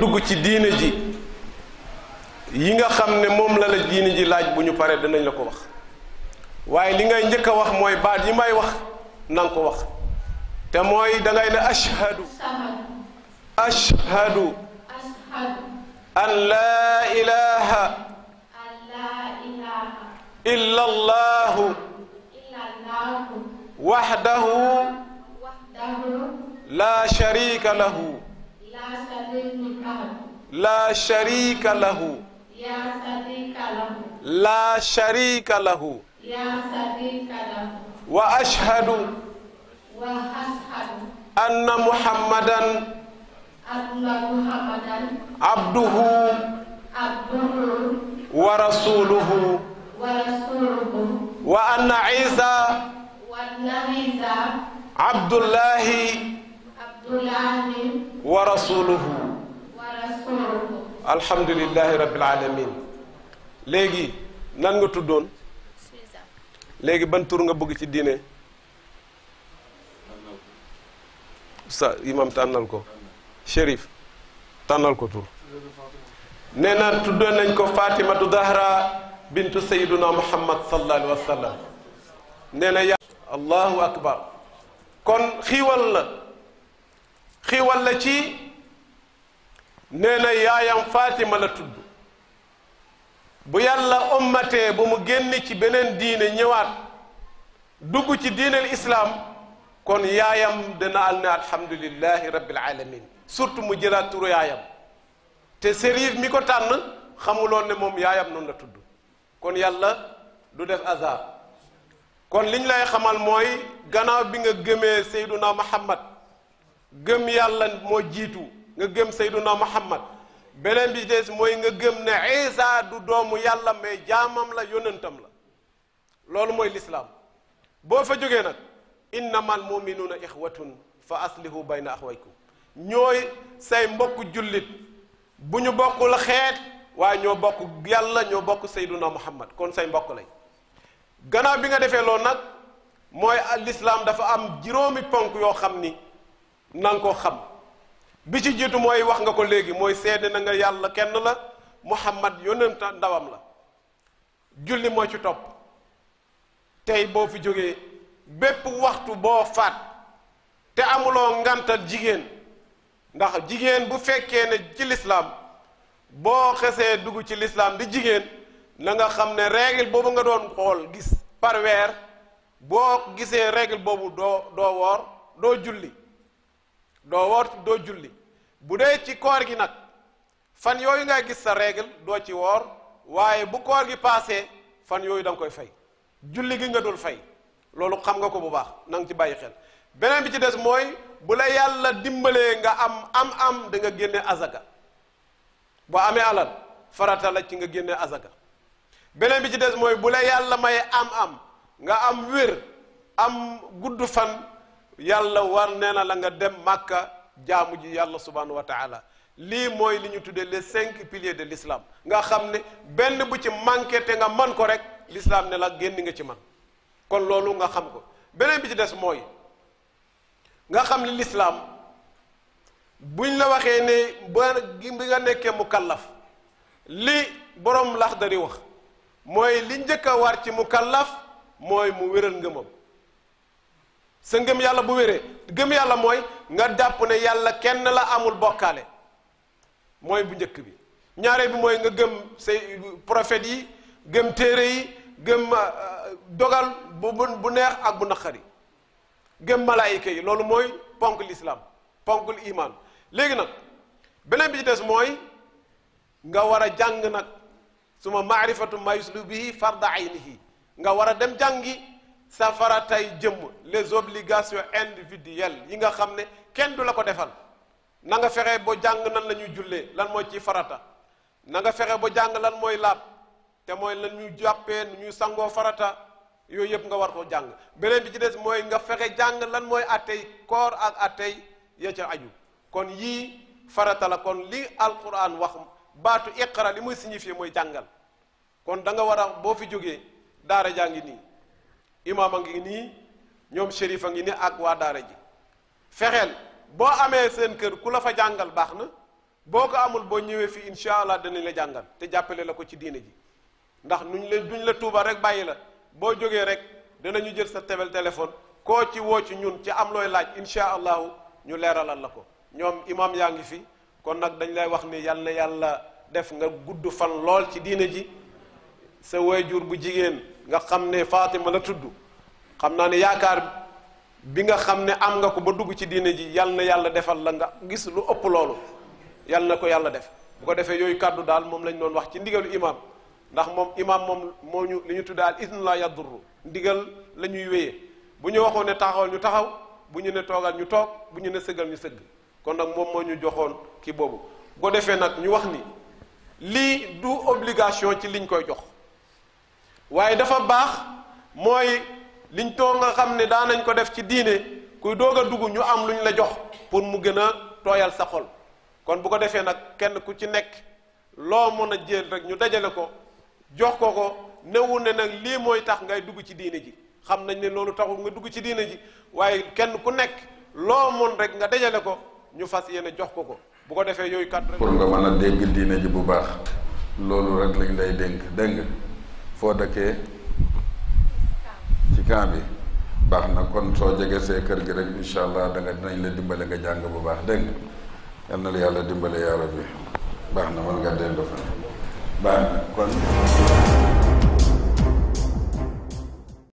dugg ci diine ji yi nga xam ne moom la la diine ji laaj bu ñu paree danañ la ko wax waaye li ngay njëkk a wax mooy baat yi may wax na ko wax te mooy da ne ashhadu ashhadu an laa ilaha illa allahu wahdahu laa sharika lahu la sharika lahu la sharika lahu wa ashhadu anna muhammadan abduhu wa rasuluhu wa anna isa abdullahi wa rasuluhu alhamdulilahi rabbil alamin léegi nan nga tuddoon léegi ban tur nga bëgg ci diine sa imam tànnal ko shérif tànnal ko tur nee na tuddoon nañ ko fatimatu zahra bintu sayiduna muhammad sallallahu alayhi wa sallam nee na yàlla allahu akbar kon xiiwal xiiwal la ci nee na yaayam Fatima la tudd bu yàlla ommatee ba mu génn ci beneen diine ñëwaat dugg ci diineel islaam kon yaayam dana al ne alhamdulillahi rabbil alamin surtout mu jëlaat yaayam te sérif mi ko tànn xamuloon ne moom yaayam noonu la tudd kon yàlla du def hasard kon liñ lay xamal mooy gannaaw bi nga gëmee Seyduna Muhammad gëm yàlla moo jiitu nga gëm Seyduna Muhammad beneen bi des mooy nga gëm ne Isa du doomu yàlla mais jaamam la yonentam la loolu mooy lislaam boo fa jógee nag indi na innamal muminuuna ixwatun fa aslihu bayna axwaykum ñooy say mbokk jullit bu ñu bokkul xeet waaye ñoo bokk yàlla ñoo bokk Seyduna Muhammad kon say mbokk lay gannaaw bi nga defee loolu nag mooy lislaam dafa am juróomi ponk yoo xam ni na nga ko xam bi ci jiitu mooy wax nga ko léegi mooy sedd na nga yàlla kenn la muhammad yonent ndawam la julli moo ci topp tey boo fi jógee bépp waxtu boo faat te amuloo ngantal jigéen ndax jigéen bu fekkee ne ci lislaam boo xesee dugg ci lislaam di jigéen na nga xam ne règle boobu nga doon xool gis par boo gisee règle boobu doo doo woor doo julli doo woor doo julli bu dee ci koor gi nag fan yooyu ngay gis sa règle doo ci woor waaye bu koor gi paasee fan yooyu da koy fay julli gi nga dul fay loolu xam nga ko bu baax na ci bàyyi xel beneen bi ci des mooy bu la yàlla dimbalee nga am am am da génne azaka boo amee alal farata ci nga génne azaka beneen bi ci des mooy bu la yàlla may am am nga am wér am gudd fan yàlla war nee na la nga dem màkka jaamu ji yàlla subhanahu wa taala lii mooy li ñu tuddee les cinq piliers de lislaam nga xam ne benn bu ci manqué te nga man ko rek l'islam ne la génn nga ci man kon loolu nga xam ko beneen bi ci des mooy nga xam ne l'islam buñ la waxee ne ba bi nga nekkee mukallaf li boroom borom laxdari wax mooy li njëkk a war ci mukallaf mooy mu wéral ngëmam sa ngëm yàlla bu wéree gëm yàlla mooy nga jàpp ne yàlla kenn la amul bokkaale mooy bu njëkk bi ñaareel bi mooy nga gëm say prophètes yi gëm téere yi gëm euh, dogal bu bu neex ak bu naqari gëm malaayika yi loolu mooy ponk lislaam ponkul iman léegi nag beneen bi des mooy nga war a jàng nag suma maarifatu ma yuslu bihi farda aynihi nga war a dem jàngi safara tey jëmm les obligations individuelles yi nga xam ne kenn du la ko defal na nga fexe ba jàng nan la ñuy jullee lan mooy ci farata na nga fexe ba jàng lan mooy laab te mooy lan ñuy jàppee nu ñuy sangoo farata yooyu yëpp nga war ko jàng beneen bi ci des mooy nga fexe jàng lan mooy attey koor ak attey ya ca aju kon yii farata la kon li alquran wax baatu iqra li muy signifier mooy jàngal kon danga war a boo fi jógee daare jaa ngi nii imaam a ngi nii ñoom shérif a ngi nii ak waa ji fexeel boo amee seen kër ku la fa jàngal baax na boo ko amul boo ñëwee fii incha allah danañ la jàngal te jàppale la ko ci diine ji ndax nuñ la duñ la tuuba rek bàyyi la boo jógee rek danañu jël sa tebel téléphone koo ci woo ci ñun ci am looy laaj incha allahu ñu leeralal la ko ñoom imaam yaa ngi fi kon nag dañ lay wax ni yal na yàlla def nga gudd fan lool ci diine ji sa waajur bu jigéen nga xam ne ma la tudd xam naa ne yaakaar bi nga xam ne am nga ko ba dugg ci diine ji yal na yàlla defal la nga gis lu ëpp loolu yal na ko yàlla def bu ko defee yooyu kàddu daal moom lañ doon wax ci ndigalu imaam ndax moom imaam moom moo ñu li ñu tuddee al idnu laa yadurru ndigal la ñuy wéyee bu ñu waxoon ne taxawal ñu taxaw bu ñu ne toogal ñu toog bu ñu ne sëggal ñu sëgg kon nag moom moo ñu joxoon kii boobu bu ko defee nag ñu wax ni lii du obligation ci liñ koy jox waaye dafa baax mooy liñ too nga xam ne daanañ ko def ci diine kuy doog a dugg ñu am lu ñu la jox pour mu gën a tooyal sa xol kon bu ko defee nag kenn ku ci nekk loo mën a jël rek ñu dajale ko jox ko ko newu ne nag lii mooy tax ngay dugg ci diine ji xam nañ ne loolu taxul nga dugg ci diine ji waaye kenn ku nekk loo mën rek nga dajale ko ñu fas yéene jox ko ko bu ko defee yooyu kat rek. pour nga mën a dégg diine ji bu baax loolu rek lañ lay dénk dégg foo dëkkee ci camp bi baax na kon soo jegee see kër gi rek incha allah danga dinañ la dimbale nga jàng bu baax dégg yal na lu yàlla dimbale yàlla rabbi baax na mën nga dellu fa baax na kon